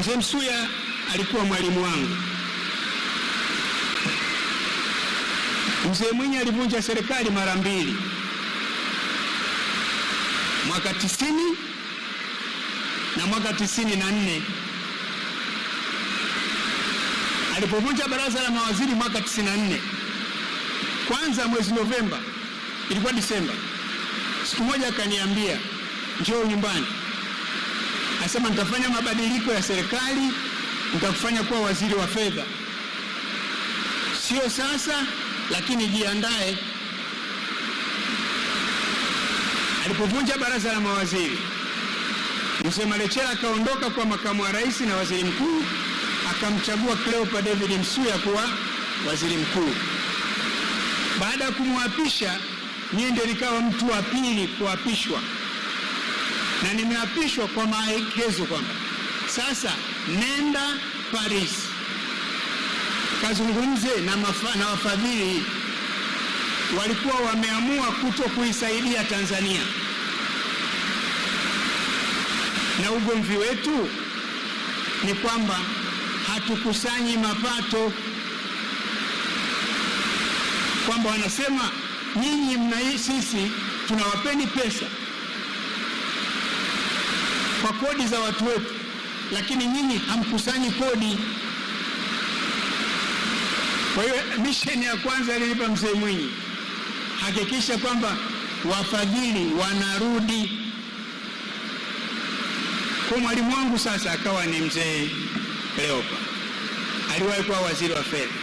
Mzee Msuya alikuwa mwalimu wangu. Mzee Mwinyi alivunja serikali mara mbili, mwaka tisini na mwaka tisini na nne. Alipovunja baraza la mawaziri mwaka tisini na nne, kwanza mwezi Novemba, ilikuwa Disemba, siku moja akaniambia njoo nyumbani Akasema nitafanya mabadiliko ya serikali, nitakufanya kuwa waziri wa fedha, sio sasa, lakini jiandae. Alipovunja baraza la mawaziri, Msemalechela akaondoka kwa makamu wa rais na waziri mkuu, akamchagua Cleopa David Msuya kuwa waziri mkuu. Baada ya kumwapisha, Nyende likawa mtu wa pili kuapishwa na nimeapishwa kwa maelekezo kwamba sasa nenda Paris kazungumze na, na wafadhili walikuwa wameamua kuto kuisaidia Tanzania na ugomvi wetu ni kwamba hatukusanyi mapato, kwamba wanasema nyinyi mna sisi tunawapeni pesa kwa kodi za watu wetu, lakini nyinyi hamkusanyi kodi. Kwa hiyo misheni ya kwanza alilipa mzee Mwinyi, hakikisha kwamba wafadhili wanarudi kwa mwalimu wangu. Sasa akawa ni mzee leopa aliwahi kuwa waziri wa fedha,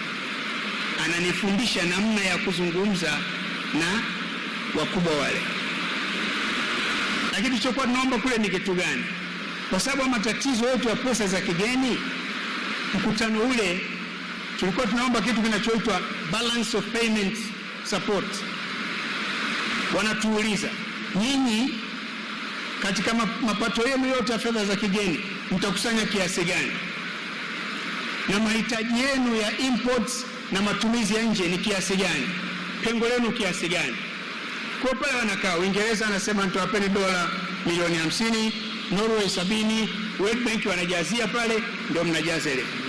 ananifundisha namna ya kuzungumza na wakubwa wale lakini tulichokuwa tunaomba kule ni kitu gani? Kwa sababu matatizo yetu ya pesa za kigeni, mkutano ule tulikuwa tunaomba kitu kinachoitwa balance of payment support. Wanatuuliza, nyinyi katika mapato yenu yote ya fedha za kigeni mtakusanya kiasi gani, na mahitaji yenu ya imports na matumizi ya nje ni kiasi gani, pengo lenu kiasi gani? Kwa pale wanakaa Uingereza anasema nitawapeni dola milioni hamsini, Norway sabini, World Bank wanajazia pale, ndio mnajaza ile